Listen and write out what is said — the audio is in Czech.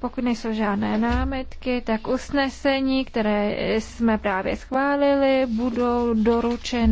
Pokud nejsou žádné námitky, tak usnesení, které jsme právě schválili, budou doručeny.